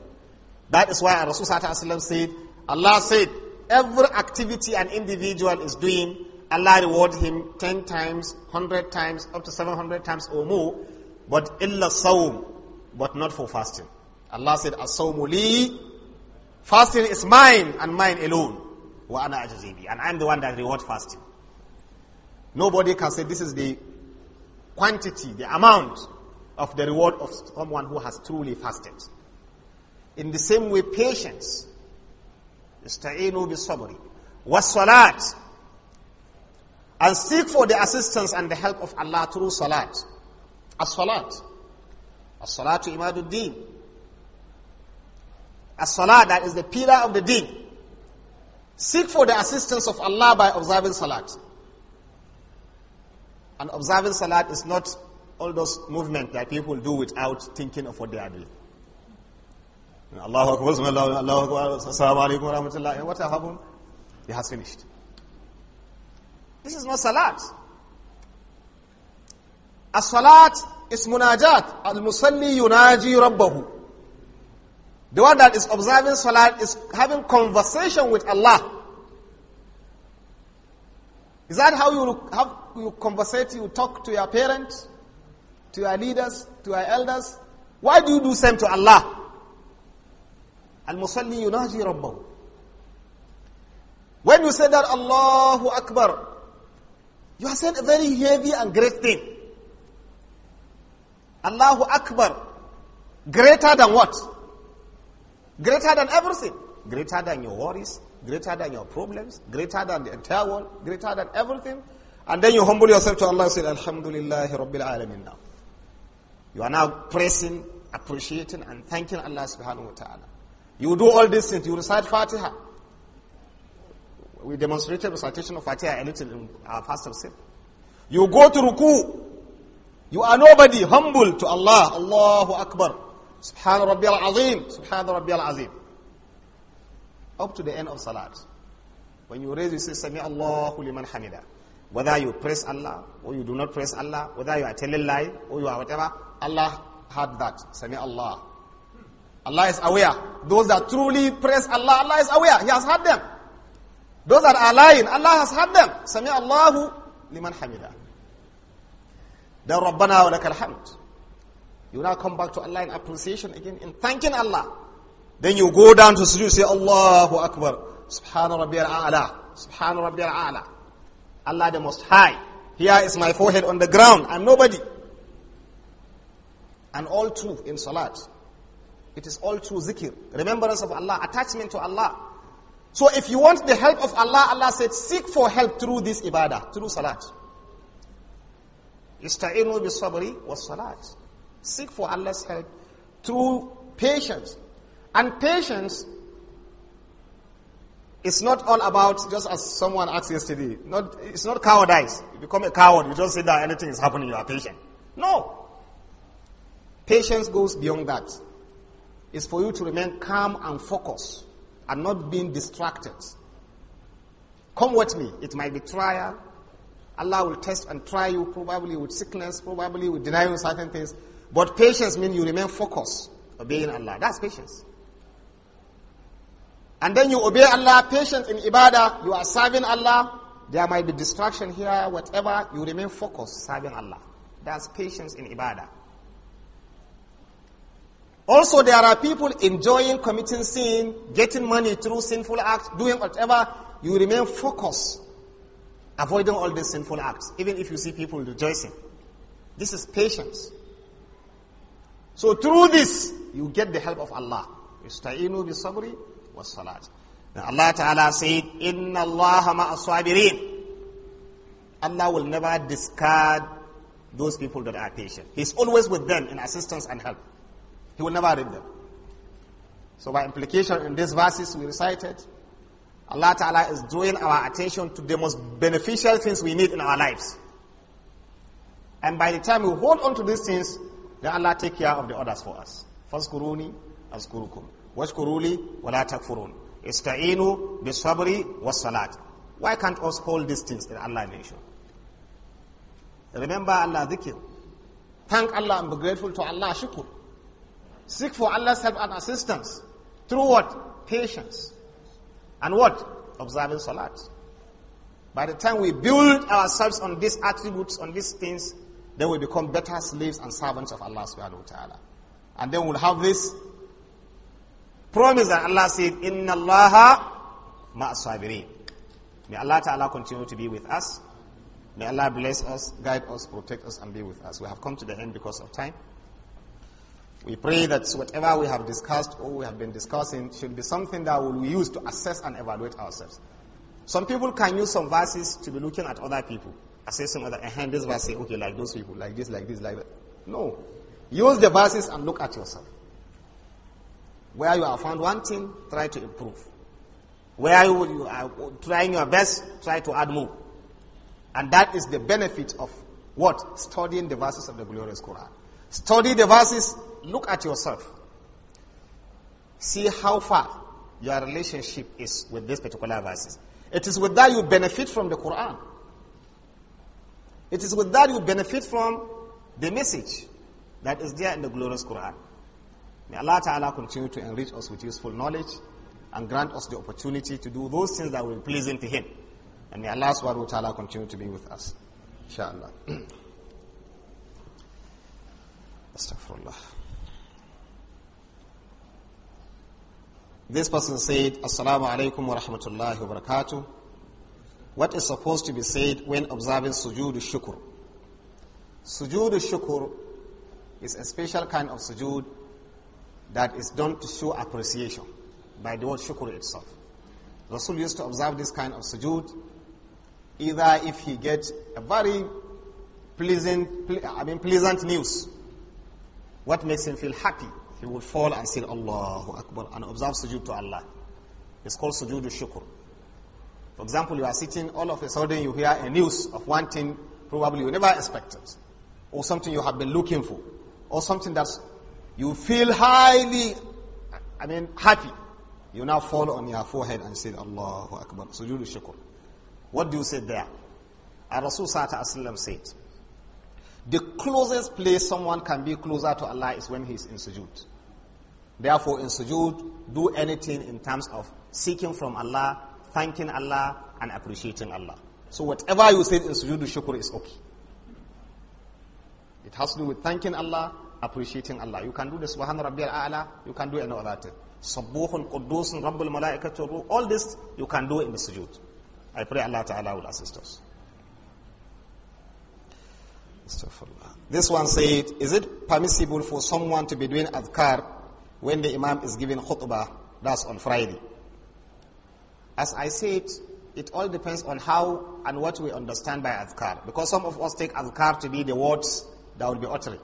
That is why Rasulullah said, Allah said, every activity an individual is doing, Allah reward him 10 times, 100 times, up to 700 times or more, but illa sawm, but not for fasting. Allah said, as li, fasting is mine and mine alone, wa ana ajazibi, and I'm the one that reward fasting. Nobody can say this is the quantity, the amount of the reward of someone who has truly fasted. In the same way, patience. Ista'inu bisabri. Was-salat. And seek for the assistance and the help of Allah through salat. As-salat. As-salatu imaduddin. As-salat, that is the pillar of the deen. Seek for the assistance of Allah by observing salat. And observing salat is not all those movements that people do without thinking of what they are doing. Allahu Akbar, Allahu Akbar, Assalamu alaikum happened? He has finished. This is not salat. As salat is munajat. Al musalli yunaji rabbahu. The one that is observing salat is having conversation with Allah. Is that how you have you conversate, you talk to your parents? to our leaders, to our elders. Why do you do same to Allah? Al-Musalli yunaji Rabbahu. When you say that Allahu Akbar, you are saying a very heavy and great thing. Allahu Akbar, greater than what? Greater than everything. Greater than your worries, greater than your problems, greater than the entire world, greater than everything. And then you humble yourself to Allah and say, Alhamdulillahi Rabbil Alameen now. You are now praising, appreciating, and thanking Allah subhanahu wa ta'ala. You do all these things. You recite Fatiha. We demonstrated recitation of Fatiha a little in our first step. You go to ruku. You are nobody, humble to Allah. Allahu Akbar. Subhan Rabbi al-Azim. Subhan Rabbi al-Azim. Up to the end of Salat. When you raise, you say, Sami Allahu liman hamida. Whether you praise Allah or you do not praise Allah, whether you are telling lie or you are whatever, Allah had that. Sami Allah. Allah is aware. Those that truly praise Allah, Allah is aware. He has heard them. Those that are lying, Allah has heard them. Sami Allahu liman hamida. Then Rabbana wa lakal hamd. You now come back to Allah in appreciation again, in thanking Allah. Then you go down to sujood, say Allahu Akbar. Subhana Rabbi al-A'la. Subhana Rabbi al-A'la. Allah the Most High. Here is my forehead on the ground. I'm nobody and all true in salat. It is all true zikr, remembrance of Allah, attachment to Allah. So if you want the help of Allah, Allah said, seek for help through this ibadah, through salat. Ista'inu bi sabri was salat. Seek for Allah's help through patience. And patience is not all about just as someone asked yesterday. Not, it's not cowardice. You become a coward. You just say that anything is happening, you are patient. No. Patience goes beyond that. It's for you to remain calm and focused and not being distracted. Come with me. It might be trial. Allah will test and try you, probably with sickness, probably with denying certain things. But patience means you remain focused, obeying Allah. That's patience. And then you obey Allah, Patience in ibadah, you are serving Allah. There might be distraction here, whatever. You remain focused, serving Allah. That's patience in ibadah. Also, there are people enjoying committing sin, getting money through sinful acts, doing whatever. You remain focused, avoiding all these sinful acts, even if you see people rejoicing. This is patience. So through this, you get the help of Allah. Ista'inu bi sabri Allah Ta'ala said, Inna Allah ma'aswabirin. Allah will never discard those people that are patient. He's always with them in assistance and help. He will never read them. So by implication, in these verses we recited, Allah Ta'ala is drawing our attention to the most beneficial things we need in our lives. And by the time we hold on to these things, then Allah take care of the others for us. Faskuruni azkurukum. Washkuruli wala takfurun. Ista'inu bisabri was salat. Why can't us hold these things that Allah mentioned? Remember Allah dhikr. Thank Allah and be grateful to Allah shukr. Seek for Allah's help and assistance through what? Patience. And what? Observing Salat. By the time we build ourselves on these attributes, on these things, then we become better slaves and servants of Allah subhanahu wa ta'ala. And then we'll have this promise that Allah said, Inna Allah ma'asabirin. May Allah ta'ala continue to be with us. May Allah bless us, guide us, protect us, and be with us. We have come to the end because of time. We pray that whatever we have discussed or we have been discussing should be something that will be used to assess and evaluate ourselves. Some people can use some verses to be looking at other people, assessing other, hand this verse say, okay, like those people, like this, like this, like that. No. Use the verses and look at yourself. Where you have found one thing, try to improve. Where you are trying your best, try to add more. And that is the benefit of what? Studying the verses of the glorious Quran. Study the verses, look at yourself. See how far your relationship is with these particular verses. It is with that you benefit from the Quran. It is with that you benefit from the message that is there in the glorious Quran. May Allah Ta'ala continue to enrich us with useful knowledge and grant us the opportunity to do those things that will be pleasing to Him. And may Allah Subhanahu Ta'ala continue to be with us. Inshallah. Astaghfirullah. This person said, Assalamu alaikum wa rahmatullahi wa barakatuh. What is supposed to be said when observing sujood shukr? Sujood shukr is a special kind of sujood that is done to show appreciation by the word shukr itself. Rasul used to observe this kind of sujood either if he gets a very pleasant, I mean pleasant news what makes him feel happy? He will fall and say, Allahu Akbar, and observe sujood to Allah. It's called sujood shukr. For example, you are sitting, all of a sudden you hear a news of one thing probably you never expected, or something you have been looking for, or something that you feel highly, I mean, happy. You now fall on your forehead and say, Allahu Akbar, sujood shukr. What do you say there? Our Rasul Sallallahu said, the closest place someone can be closer to Allah is when he is in sujood. Therefore, in sujood, do anything in terms of seeking from Allah, thanking Allah, and appreciating Allah. So whatever you say in sujood shukr is okay. It has to do with thanking Allah, appreciating Allah. You can do the subhan Al a'la, you can do other thing. Sabbuhun qudusun rabbul malaikatu all this you can do in the sujood. I pray Allah Ta'ala will assist us. This one said, is it permissible for someone to be doing adhkar when the imam is giving khutbah? That's on Friday. As I said, it all depends on how and what we understand by adhkar. Because some of us take adhkar to be the words that will be uttering,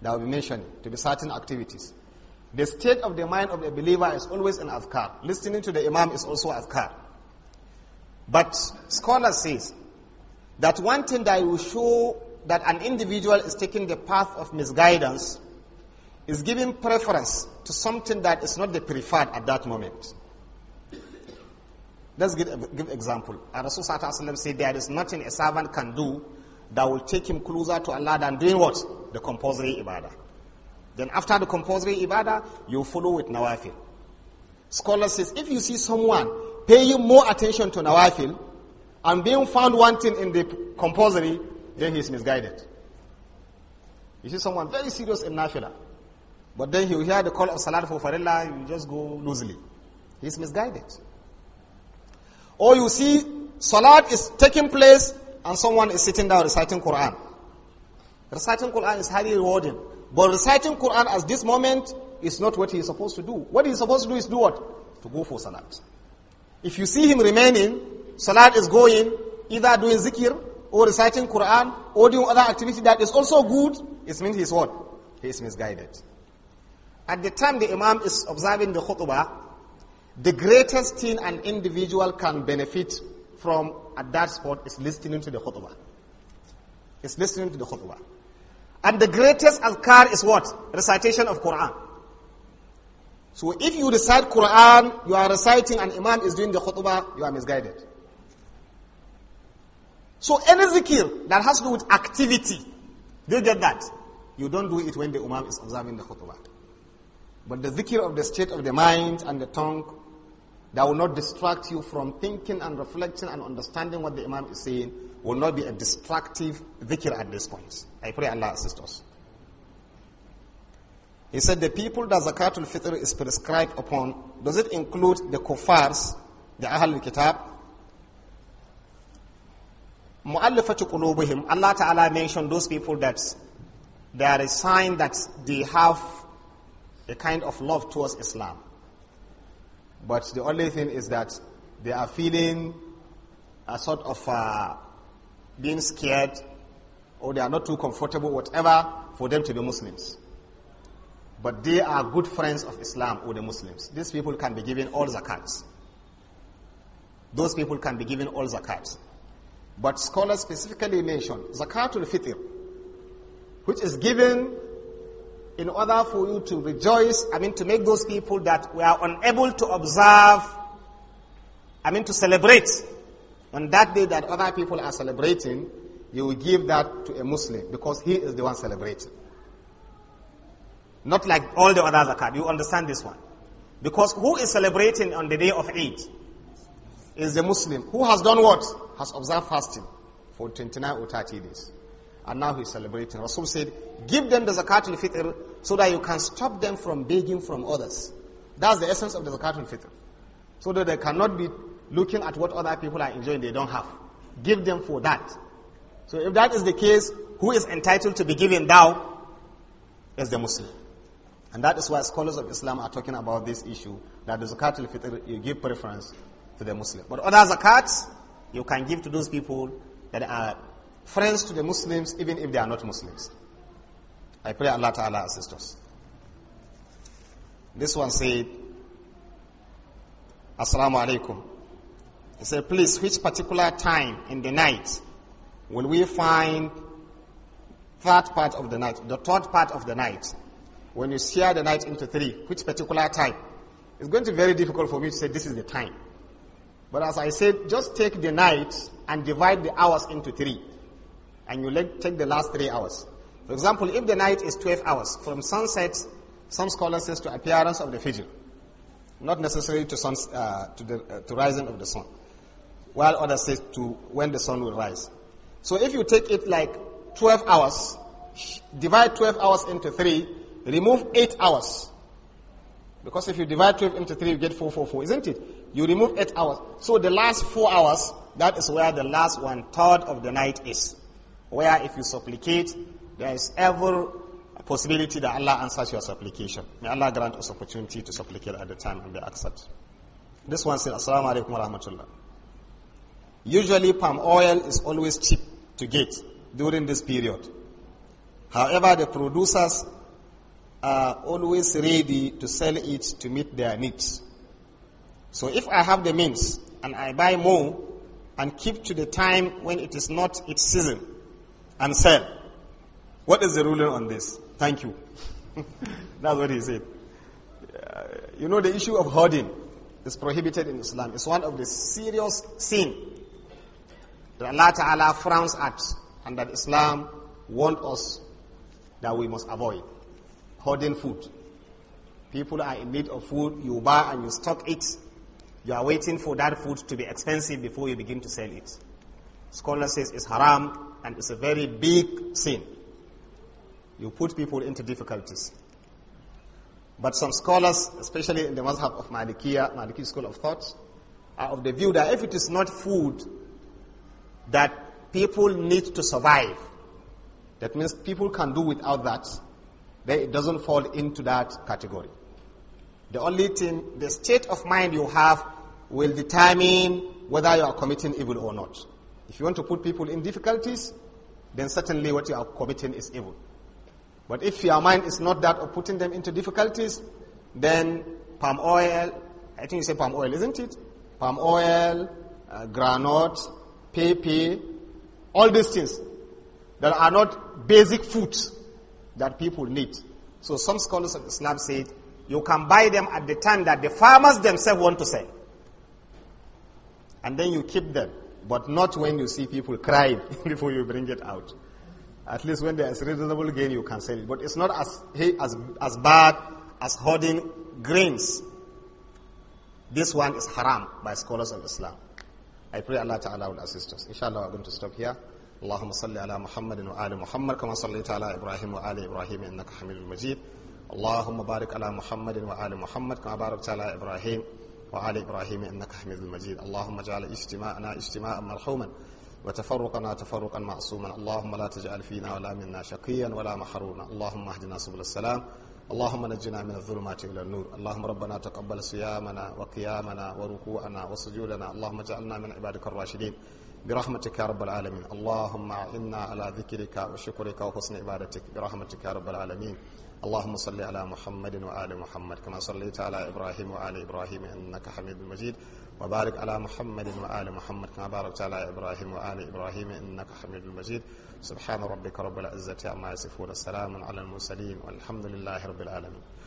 that will be mentioned, to be certain activities. The state of the mind of a believer is always an adhkar. Listening to the imam is also adhkar. But scholar says that one thing that will show that an individual is taking the path of misguidance is giving preference to something that is not the preferred at that moment. Let's give, give example. Rasulullah said there is nothing a servant can do that will take him closer to Allah than doing what? The compulsory ibadah. Then after the compulsory ibadah, you follow with nawafil. Scholar says, if you see someone paying more attention to nawafil and being found wanting in the compulsory, then he is misguided. You see someone very serious in Nafila, but then he'll hear the call of Salat for Farilla, you just go loosely. He's misguided. Or you see Salat is taking place and someone is sitting down reciting Quran. Reciting Quran is highly rewarding. But reciting Quran at this moment is not what he is supposed to do. What he is supposed to do is do what? To go for Salat. If you see him remaining, Salat is going, either doing zikir or reciting Quran or doing other activity that is also good, it means is what? He is misguided. At the time the Imam is observing the khutbah, the greatest thing an individual can benefit from at that spot is listening to the khutbah. Is listening to the khutbah. And the greatest azkar is what? Recitation of Quran. So if you recite Quran, you are reciting and Imam is doing the khutbah, you are misguided. So any zikir that has to do with activity, do you get that? You don't do it when the imam is observing the khutbah. But the zikir of the state of the mind and the tongue, that will not distract you from thinking and reflecting and understanding what the imam is saying, will not be a distractive zikir at this point. I pray Allah assist us. He said the people that zakatul fitr is prescribed upon, does it include the kuffars, the ahlul kitab, Mu'allafatu qulubuhim, Allah Ta'ala mentioned those people that they are a sign that they have a kind of love towards Islam. But the only thing is that they are feeling a sort of uh, being scared or they are not too comfortable, whatever, for them to be Muslims. But they are good friends of Islam or the Muslims. These people can be given all zakats. Those people can be given all zakats. But scholars specifically mention zakatul fitr, which is given in order for you to rejoice, I mean, to make those people that we are unable to observe, I mean, to celebrate on that day that other people are celebrating, you will give that to a Muslim because he is the one celebrating. Not like all the other zakat. You understand this one. Because who is celebrating on the day of Eid? Is the Muslim. Who has done what? has observed fasting for 29 or 30 days. And now he's celebrating. Rasul said, give them the zakat al-fitr so that you can stop them from begging from others. That's the essence of the zakat al-fitr. So that they cannot be looking at what other people are enjoying they don't have. Give them for that. So if that is the case, who is entitled to be given thou is the Muslim. And that is why scholars of Islam are talking about this issue, that the zakat al-fitr, you give preference to the Muslim. But other zakats, you can give to those people that are friends to the Muslims, even if they are not Muslims. I pray Allah Ta'ala assist us. This one said, Assalamu alaikum. He said, please, which particular time in the night will we find that part of the night, the third part of the night, when you share the night into three, which particular time? It's going to be very difficult for me to say this is the time. But as I said, just take the night and divide the hours into three. And you take the last three hours. For example, if the night is 12 hours, from sunset, some scholars say to appearance of the fijr, not necessarily to, sun, uh, to, the, uh, to rising of the sun, while others say to when the sun will rise. So if you take it like 12 hours, divide 12 hours into three, remove 8 hours. Because if you divide 12 into 3, you get 444, isn't it? You remove eight hours. So the last four hours, that is where the last one third of the night is. Where if you supplicate, there is ever possibility that Allah answers your supplication. May Allah grant us opportunity to supplicate at the time and be accepted. This one says, Assalamu alaikum wa rahmatullah. Usually palm oil is always cheap to get during this period. However, the producers are always ready to sell it to meet their needs. So if I have the means and I buy more and keep to the time when it is not its season and sell, what is the ruling on this? Thank you. That's what he said. you know, the issue of hoarding is prohibited in Islam. It's one of the serious sins that Allah Ta'ala frowns at and that Islam warned us that we must avoid. Hoarding food. People are in need of food, you buy and you stock it you are waiting for that food to be expensive before you begin to sell it. Scholar says it's haram and it's a very big sin. You put people into difficulties. But some scholars, especially in the mazhab of Malikiya, Maliki school of thought, are of the view that if it is not food that people need to survive, that means people can do without that, then it doesn't fall into that category. The only thing, the state of mind you have will determine whether you are committing evil or not. If you want to put people in difficulties, then certainly what you are committing is evil. But if your mind is not that of putting them into difficulties, then palm oil, I think you say palm oil, isn't it? Palm oil, uh, granite, pepe, all these things that are not basic foods that people need. So some scholars of Islam said you can buy them at the time that the farmers themselves want to sell. And then you keep them, but not when you see people crying before you bring it out. At least when there is reasonable gain, you can sell it. But it's not as, as, as bad as hoarding grains. This one is haram by scholars of Islam. I pray Allah Ta'ala will assist us. Inshallah, we're going to stop here. اللهم صل على محمد وآل محمد كما صليت على إبراهيم وآل إبراهيم إنك حميد مجيد اللهم بارك على محمد وآل محمد كما باركت على إبراهيم وآل إبراهيم إنك حميد مجيد اللهم اجعل اجتماعنا اجتماعا مرحوما وتفرقنا تفرقا معصوما اللهم لا تجعل فينا ولا منا شقيا ولا محروما اللهم اهدنا سبل السلام اللهم نجنا من الظلمات إلى النور اللهم ربنا تقبل صيامنا وقيامنا وركوعنا وسجودنا اللهم اجعلنا من عبادك الراشدين برحمتك يا رب العالمين اللهم إنا على ذكرك وشكرك وحسن عبادتك برحمتك يا رب العالمين اللهم صل على محمد وآل محمد كما صليت على إبراهيم وآل إبراهيم إنك حميد مجيد وبارك على محمد وآل محمد كما باركت على إبراهيم وآل إبراهيم إنك حميد مجيد سبحان ربك رب العزة عما يصفون السلام على المرسلين والحمد لله رب العالمين